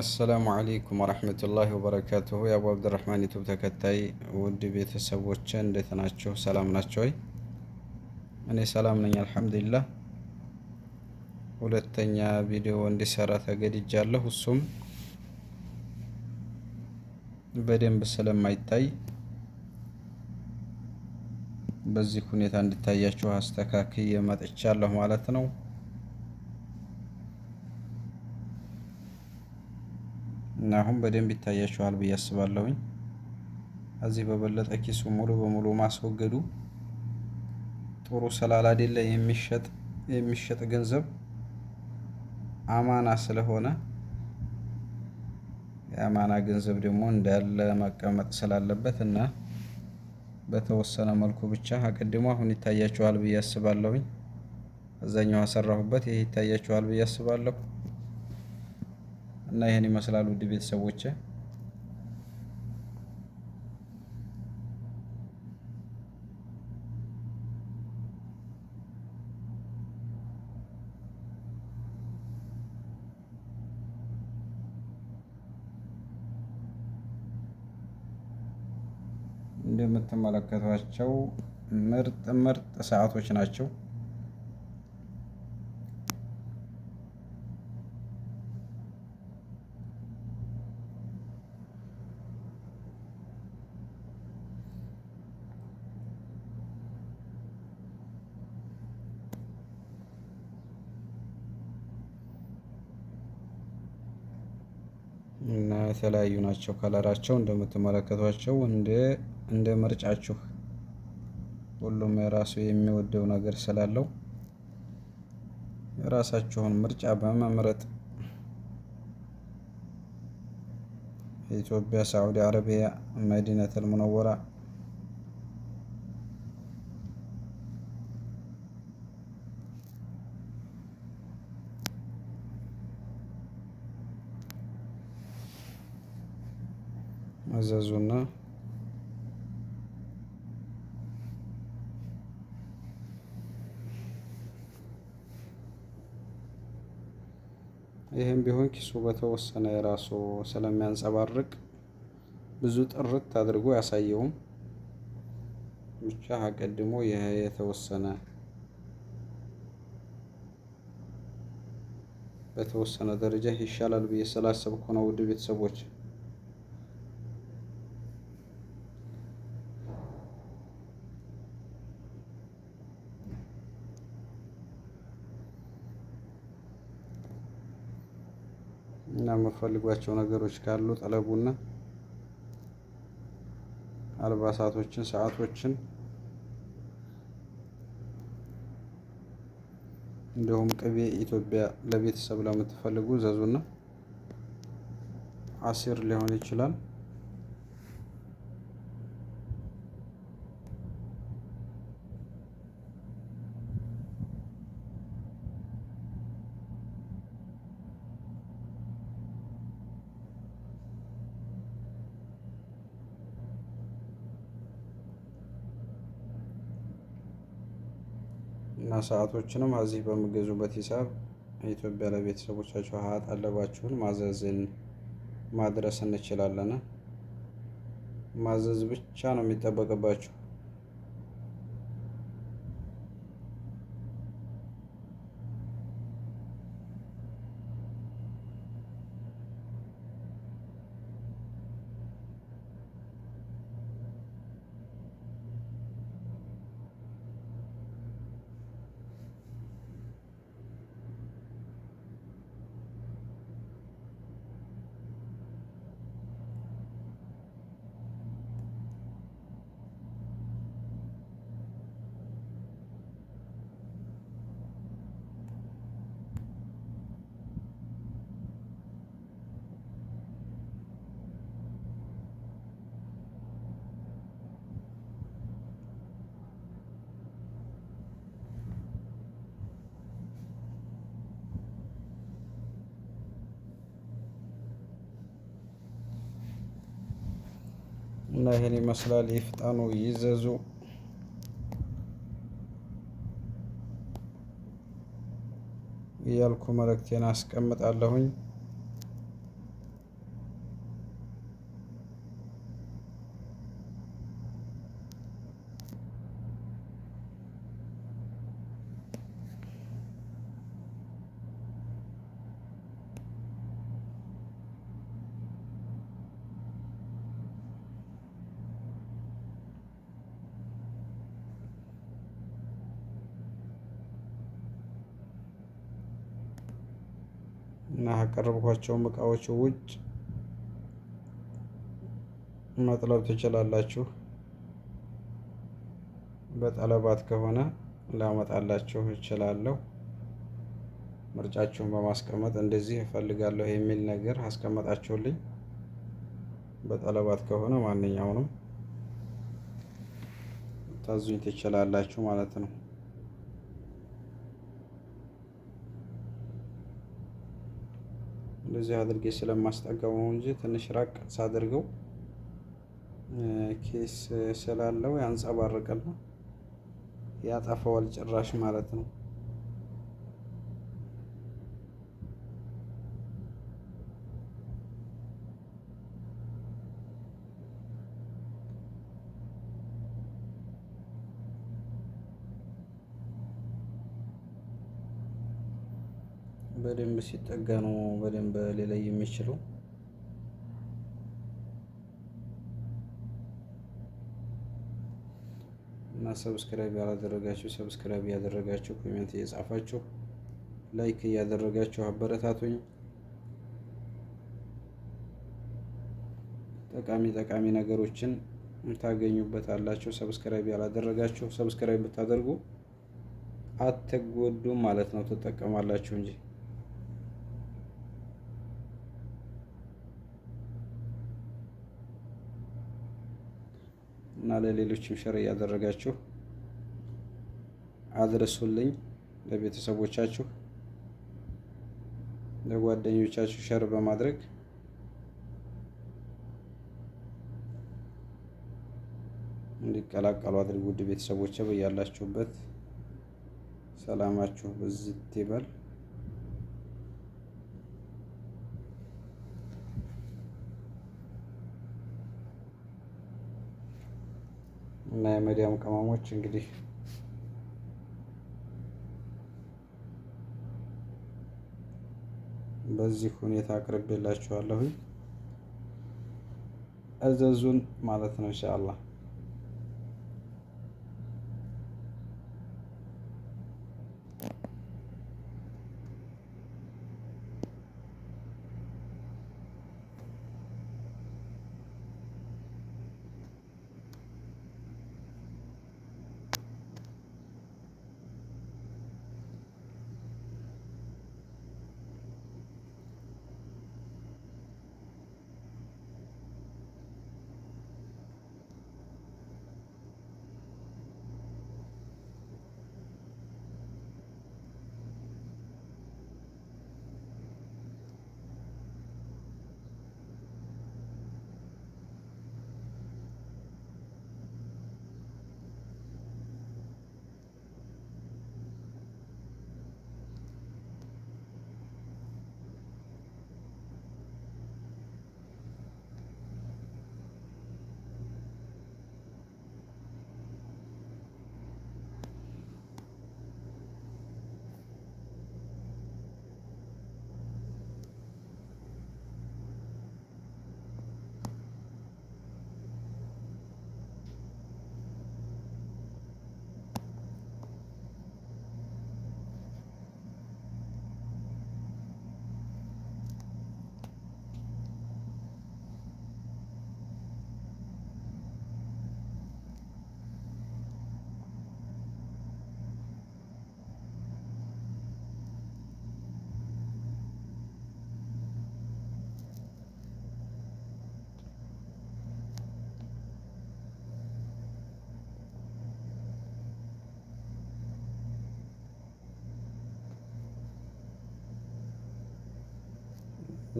አሰላሙ አለይኩም ወረህመቱላሂ ወበረካቱሁ። የአቡ አብድራህማን ዩቱብ ተከታይ ውድ ቤተሰቦች እንዴት ናቸው? ሰላም ናቸው ወይ? እኔ ሰላም ነኝ አልሐምዱሊላህ። ሁለተኛ ቪዲዮ እንዲሰራ ተገድጃለሁ። እሱም በደንብ ስለማይታይ በዚህ ሁኔታ እንዲታያችሁ አስተካክዬ መጥቻለሁ ማለት ነው። እና አሁን በደንብ ይታያችኋል ብዬ አስባለሁኝ። በበለጠ ኪሱ ሙሉ በሙሉ ማስወገዱ ጥሩ ስላላደለ የሚሸጥ የሚሸጥ ገንዘብ አማና ስለሆነ የአማና ገንዘብ ደግሞ እንዳለ መቀመጥ ስላለበት እና በተወሰነ መልኩ ብቻ አቀድሞ አሁን ይታያችኋል ብዬ አስባለሁኝ። አብዛኛው አሰራሁበት ይህ ይታያችኋል ብዬ አስባለሁ። እና ይህን ይመስላል ውድ ቤተሰቦች እንደምትመለከቷቸው ምርጥ ምርጥ ሰዓቶች ናቸው። የተለያዩ ናቸው። ከለራቸው እንደምትመለከቷቸው እንደ እንደ ምርጫችሁ ሁሉም የራሱ የሚወደው ነገር ስላለው የራሳችሁን ምርጫ በመምረጥ ኢትዮጵያ፣ ሳዑዲ አረቢያ፣ መዲነቱል ሙነወራ መዘዙና ይህም ቢሆን ኪሱ በተወሰነ የራሱ ስለሚያንጸባርቅ ብዙ ጥርት አድርጎ ያሳየውም ብቻ አቀድሞ ይህ የተወሰነ በተወሰነ ደረጃ ይሻላል ብዬ ስላሰብኩ ነው። ውድ ቤተሰቦች እና የምትፈልጓቸው ነገሮች ካሉ ጠለቡና አልባሳቶችን፣ ሰዓቶችን እንዲሁም ቅቤ ኢትዮጵያ ለቤተሰብ ለምትፈልጉ ዘዙና አሲር ሊሆን ይችላል። እና ሰዓቶችንም እዚህ በሚገዙበት ሂሳብ ኢትዮጵያ ለቤተሰቦቻቸው ሀያ ጠለባችሁን ማዘዝን ማድረስ እንችላለን። ማዘዝ ብቻ ነው የሚጠበቅባችሁ። ይህን ይመስላል። ይፍጠኑ ይዘዙ። እያልኩ መልእክቴን አስቀምጣለሁኝ። እና ካቀረብኳቸውም እቃዎች ውጭ መጥለብ ትችላላችሁ። በጠለባት ከሆነ ላመጣላችሁ እችላለሁ። ምርጫችሁን በማስቀመጥ እንደዚህ እፈልጋለሁ የሚል ነገር አስቀመጣችሁልኝ። በጠለባት ከሆነ ማንኛውንም ታዙኝ ትችላላችሁ ማለት ነው። እንደዚህ አድርጌ ስለማስጠጋው ነው እንጂ ትንሽ ራቅ ሳደርገው ኬስ ስላለው ያንጸባርቅና ያጠፋዋል ጭራሽ ማለት ነው። በደንብ ሲጠጋ ነው በደንብ ሊለይ የሚችለው። እና ሰብስክራይብ ያላደረጋችሁ ሰብስክራይብ እያደረጋችሁ ኮሜንት እየጻፋችሁ ላይክ እያደረጋችሁ አበረታቱኝ። ጠቃሚ ጠቃሚ ነገሮችን ታገኙበታላችሁ። ሰብስክራይብ ያላደረጋችሁ ሰብስክራይብ ብታደርጉ አትጎዱም ማለት ነው፣ ትጠቀማላችሁ እንጂ እና ለሌሎችም ሸር እያደረጋችሁ አድረሱልኝ። ለቤተሰቦቻችሁ ለጓደኞቻችሁ ሸር በማድረግ እንዲቀላቀሉ አድርጉ። ውድ ቤተሰቦቼ በያላችሁበት ሰላማችሁ ብዝት ይበል። እና የመዲያም ቅመሞች እንግዲህ በዚህ ሁኔታ አቅርቤላችኋለሁኝ። እዘዙን ማለት ነው ኢንሻአላህ።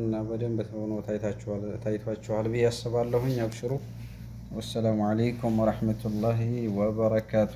እና በደንብ ሆኖ ታይቷችኋል ብዬ አስባለሁኝ። አብሽሩ። ወሰላሙ አለይኩም ወረሕመቱላሂ ወበረካቱ።